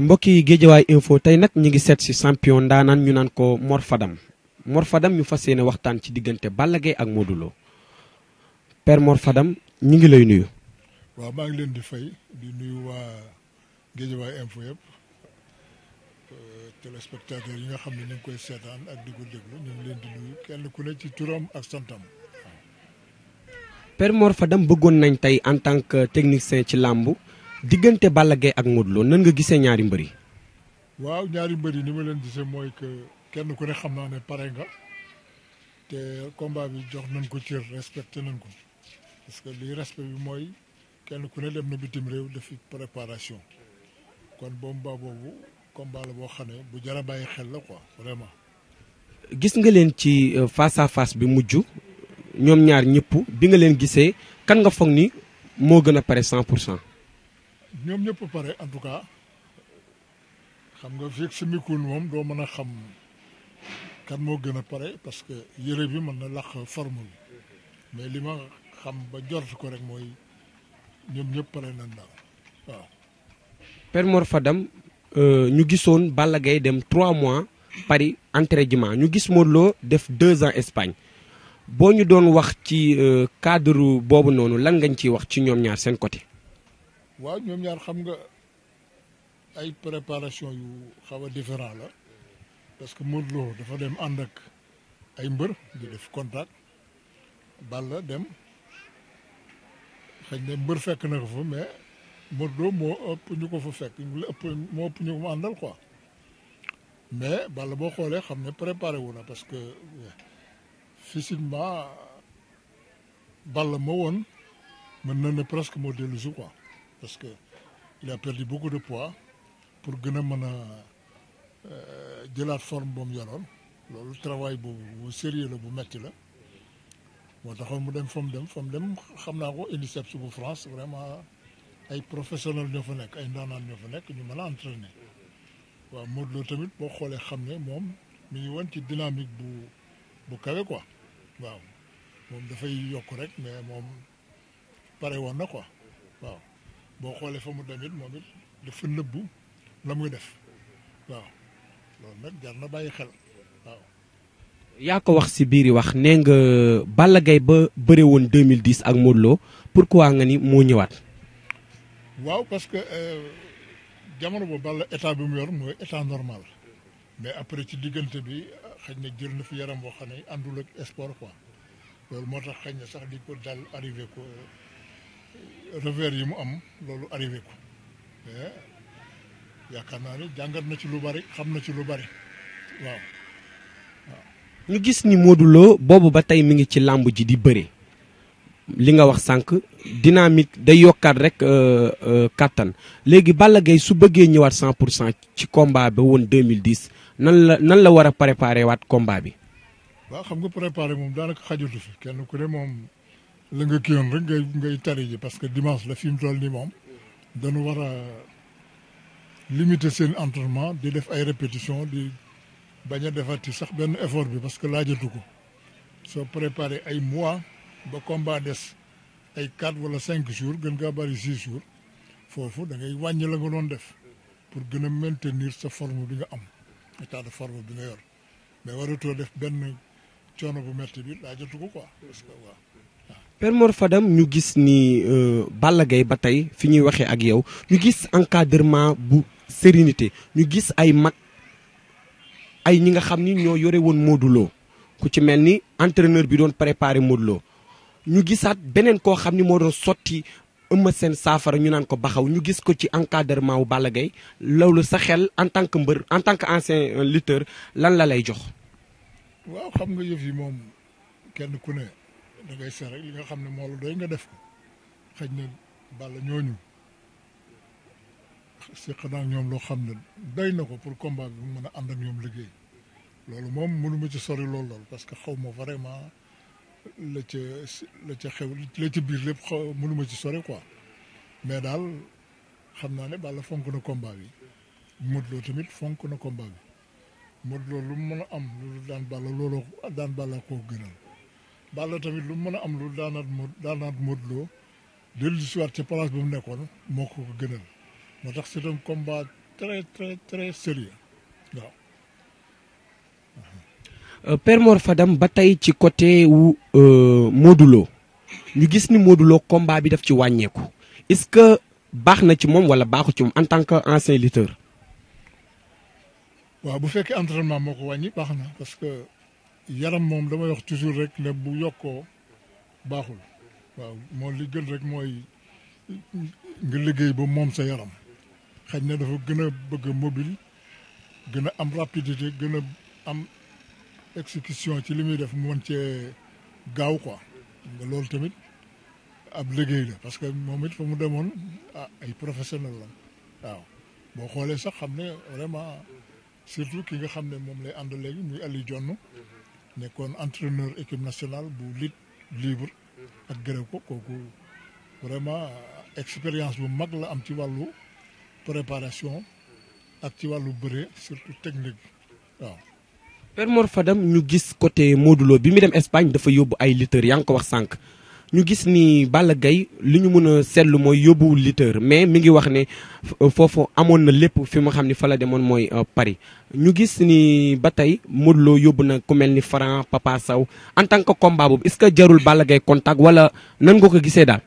mbokki géejawaay info tey nag ñi ngi seet si champion ndaanaan ñu naan ko Mor Fadam Mor Fadam ñu fas yéene waxtaan ci diggante Balla Gaye ak Modou Fadam ñi ngi lay nuyu waaw baa ngi leen di fay di nuyu waa géejawaay info yëpp euh, téléspectateurs yi nga xam ne ñu ngi koy seetaan ak di ko déglu ñu ngi leen di nuyu kenn ku ne ci turam ak santam père Mor bëggoon nañ tey en tant que technicien ci làmb digënté Balla Gaye ak Modou nan nga gisee ñaari mbëri waaw ñaari mbëri ni ma leen gisee moy que kenn ku ne xamna né paré nga té combat bi jox nañ ko ci respecté nañ ko parce que li respect bi moy kenn ku ne dem na bitim réew dafi préparation kon bomba bobu combat la bo xamné bu jara baye xel la quoi vraiment gis nga leen ci euh, face à face bi mujju ñom ñaar ñepp bi nga leen gisee kan nga foog ni moo gën a pare ñoom ñëpp pare en tout cas xam nga fekk simikuwul moom doo mën a xam kan moo gën a pare parce que yére bi mën na làq formule mais li ma xam ba jortu ko rek mooy ñoom ñëpp pare nañ daal waaw. Père Mor Fadam euh, ñu gisoon Balla Gaye dem 3 mois Paris entraînement ñu gis Modou def 2 ans Espagne. boo ñu doon wax ci euh, cadre boobu noonu lan ngañ ciy wax ci ñoom ñaar seen côté. waaw ñoom ñaar xam nga ay préparation yu xaw a différent la parce que modlo dafa dem ànd ak ay mbër di def contact Balla dem xëy na mbër fekk na ko fa mais Modou Lo moo ëpp ñu ko fa fekk lu ëpp moo ëpp ñu ko àndal quoi mais Balla boo xoolee xam ne préparé wu na parce que euh, physiquement Balla ma woon mën na ne presque moo dellu si quoi parce qu'il a perdu beaucoup de poids pour gagner a de euh, la forme bon yaron. Le travail boobu bu sérieux le bu metti la Moi, taxoon mu dem fa dem fa dem xam naa ko UNICEF bu France vraiment ay professionnels ne fa nekk ay ndaanaan ñoo fa nekk ñu mën a entraîné. waaw Modou Lo tamit boo xoolee xam ne moom mi ngi woon ci dynamique bu bu carré quoi waaw moom dafay yokk rek mais moom pare woon na quoi waaw. boo xoolee fa mu demit moom it dafa nëbbu la def waaw loolu nag jar na bàyyi xel waaw yaa ko wax si biir wax nee nga Balla ba 2010 ak Modou Lo pourquoi nga ni moo ñëwaat waaw parce que euh, jamono Balla état mu yor état normal mais après ci diggante bi xëy jël na fi yaram boo xam ak sport quoi sax ko dal arrivé ko revers yi mu am loolu arrivé ko eh, yaakaar naa ne jàngat na ci lu bari xam na ci lu bari waaw ñu gis ni mooduloo boobu ba tey mu ngi ci làmb ji di bëre li nga wax sànq dynamique day yokkaat rek euh, euh, kàttan léegi Balla Gaye su bëggee ñëwaat cent pour cent ci combat ba woon 2010 nan la nan la war a préparé waat combat bi. waaw xam nga préparé moom daanaka xajutu fi kenn ku ne moom. la nga kiyoon rek ngay ngay tari ji parce que dimanche la fim mu toll nii dañu wara limiter sen entraînement di def ay répétition di baña defati sax ben effort bi parce que laajatu ko so préparé ay mois ba combat des ay 4 wala 5 jours gën nga bari 6 jours fofu da ngay wàññi la nga doon def pour gëna maintenir sa forme bi nga am état de forme bi nga yor mais waratoo def ben ciono bu metti bi laajatu ko quoi parce que Père Mor Fadam ñu gis ni euh, Balla Gaye ba tey fi ñuy waxee ak yow ñu gis encadrement bu sérénité ñu gis ay mag ay ñi nga xam ni ñoo yore woon Modou ku ci mel ni entraîneur bi doon préparé Modou ñu gisaat beneen koo xam ni moo doon sotti ëmma seen saafara ñu naan ko baxaw ñu gis ko ci encadrement wu Balla Gaye loolu sa xel en tant que mbër en tant que ancien euh, lutteur lan la lay jox. waaw xam nga yëf yi moom kenn ku ne. da ngay seet rek li nga xam ne moo la doy nga def ko xëj na Balla ñooñu si naa ñoom loo xam ne doy na ko pour combat bi mën a ànd ak ñoom liggéey loolu moom mënu ma ci sori loolu lool parce que xaw ma vraiment la ca la ca xew la ca biir lépp xaw mënu ma ci sori quoi mais daal xam naa ne Balla fonk na combat bi Modou tamit fonk na komba bi Modou Lo lu mu mën a am lu daan Balla looloo daan Balla koo gënal. Balla tamit lu mën a am lu daanaat mo daanaat Modou Lo dellu si waat ci place bi mu nekkoon moo ko gënal moo tax c'est un combat très très très sérieux waaw. Euh, Père Fadam ba tey ci côté wu euh, Modou ñu gis ni mooduloo Lo bi def ci wàññeeku est-ce que baax na ci moom wala baaxu ci moom en tant que ancien lutteur. waaw bu fekkee entraînement moo ko wàññi baax na yaram moom damay wax toujours rek ne bu yokkoo baaxul waaw moo li gën rek mooy nga liggéey ba moom sa yaram xaj na dafa gën a bëgg mobile gën a am rapidité gën a am exécution ci li muy def mu mën cee gaaw quoi nga loolu tamit ab liggéey la parce que moom it fa mu demoon ah ay professionnel la waaw boo xoolee sax xam ne vraiment surtout ki nga xam ne moom lay ànd léegi muy Aliou Dione nekkoon entraîneur équipe nationale bu lutte libre mm-hmm. ak gréco kooku vraiment expérience bu mag la am ci wàllu préparation ak ci wàllu bëre surtout technique waaw. Père Mor Fadam ñu gis côté Modou Lo bi muy dem Espagne dafa yóbbu ay lutteurs yaa ngi ko wax sànq. ñu gis ni Balla Gaye li ñu mën a seetlu mooy yóbbuwul mais mi ngi wax ne foofu amoon na lépp fi mu xam fa la demone moy euh, Paris ñu gis ni batay modlo Modou na ku melni Franc Papa saw en tant que combat bob est-ce que jarul Balla Gaye contact wala nan nga ko gisee dal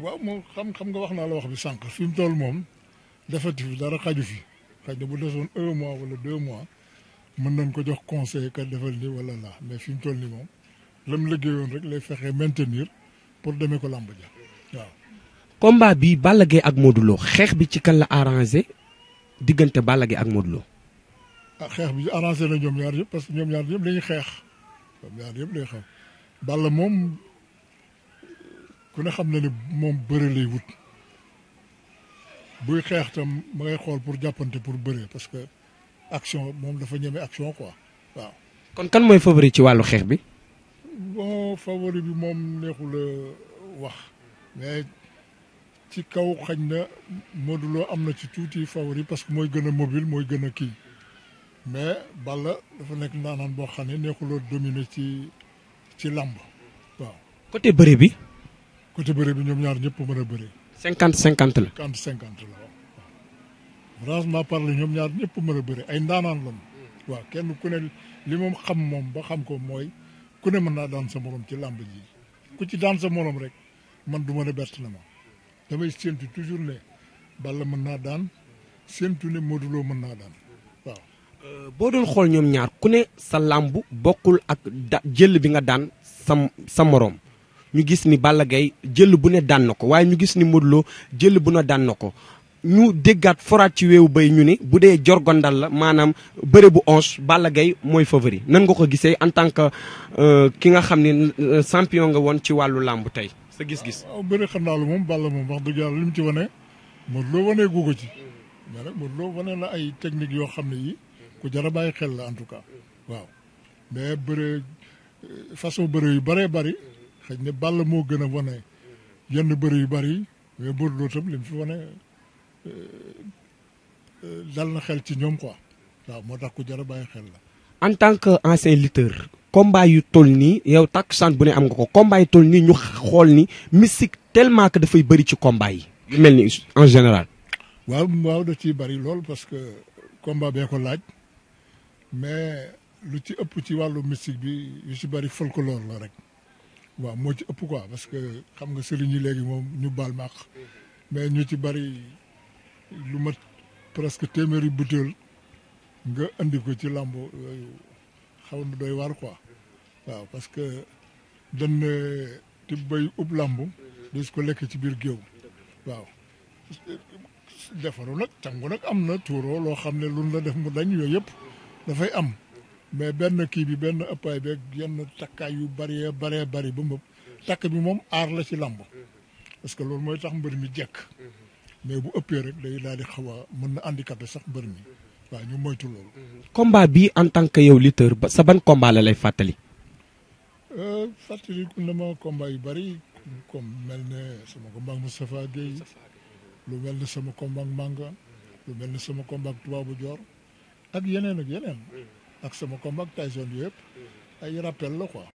waaw mo xam xam nga wax na la wax bi sank fi mu toll mom defati fi dara xaju fi xaj bu desoon un mois wala deux mois mën nañ ko jox conseil ka defal ni wala la mais fi mu toll ni mom lam liggéeyoon rek lay fexe maintenir pour demee ko làmb ja waaw. combat bi Balla ak modulo Lo xeex bi ci kan la arrangé diggante Balla ak modulo Lo. ah xeex bi arrangé na ñoom ñaar yëpp parce que ñoom ñaar yëpp dañuy xeex ñoom ñaar yëpp dañuy xam Balla moom ku ne xam na ne moom bëre lay wut buy xeex tam ma ngay xool pour jàppante pour bëre parce que action moom dafa ñeme action quoi waaw. kon kan mooy favori ci wàllu xeex bi. bon favori bi moom neexula wax mais ci kaw xañ na Modou loo am na ci tuuti favori parce que mooy gën a mobile mooy gën a kii mais Balla dafa nekk ndaanaan boo xam ne neexul ci ci làmb waaw. côté bëre bi. coté bëre bi ñoom ñaar ñëpp mën a bëre. cinquante cinquante la. cinquante cinquante la waaw. franchement parlé ñoom ay ndaanaan lañu. Mm. waaw kenn ku ne li moom xam moom ba xam ko mooy. ku ne mën naa daan sa morom ci làmb ji ku ci daan sa morom rek man du ma ne bett na ma damay séentu toujours ne Balla mën naa daan séentu ne Modou Lo mën naa daan waaw. Euh, boo doon xool ñoom ñaar ku ne sa làmb bokkul ak da jël bi nga daan sa sa morom ñu gis ni Balla Gaye jël bu ne daan na ko waaye ñu gis ni Modou Lo jël bu ne daan na ko ñu déggaat foraat ci weewu béy ñu ni bu dee jorgondal la maanaam bëre bu onze Balla Gaye mooy favori nan nga ko gisee en tant que euh, ki nga xam ni euh, champion nga woon ci wàllu làmb tey sa gis-gis. waaw ah, bëri xam naa lu moom Balla moom wax dëgg yàlla li ci wane Modou Lo wane gu ko ci mais nag Modou Lo wane na ay technique yoo xam ne yi ku jar a bàyyi xel la en tout cas waaw mais bëre euh, façon bëre yu bëree bëri xëy na Balla moo gën a wane yenn bëre yu bëri mais Modou tam li Euh, dal na xel ci ñoom quoi waaw moo tax ku jar a bàyyi xel la. en tant que ancien lutteur combat yu toll nii yow sant bu ne am nga ko combat yu toll nii ñu xool ni mystique tellement que dafay bëri ci combat yi. yu mel ni en général. waaw waaw da ci bëri lool parce que combat bee ko laaj mais lu ci ëpp ci wàllu mystique bi yu ci bëri folklore la rek waaw moo ci ëpp quoi parce que xam nga sëriñ yi léegi moom ñu baal ma mais ñu ci bëri. lu mat presque téeméeri butéel nga andi ko ci làmb yooyu xaw na doy waar quoi waaw parce que dañ bay ub làmb dis ko lekk ci biir géew waaw defaru nag cangu nag am na tuuroo loo xam ne lun la def mu dañ yooyu yëpp dafay am mais benn kii bi benn ëppaay beeg yenn takkaay yu bëree baree bari ba mbëpp takk bi moom aar la ci làmb parce que loolu mooy tax mbër mi jekk mais bu ëppee rek day daal di xaw a mën na handicapé sax mbër mi waaw ñu moytu loolu. combat bi en tant que yow lutteur ba sa ban combat la lay fàttali. Euh, fàttaliku na ma combat yu bari comme mel ne sama combat ak Moustapha Guèye lu mel ne sama combat Manga lu mel ne sama combat ak Tubaabu Joor ak yeneen ak yeneen ak sama combat ak Tyson yëpp ay rappel la quoi.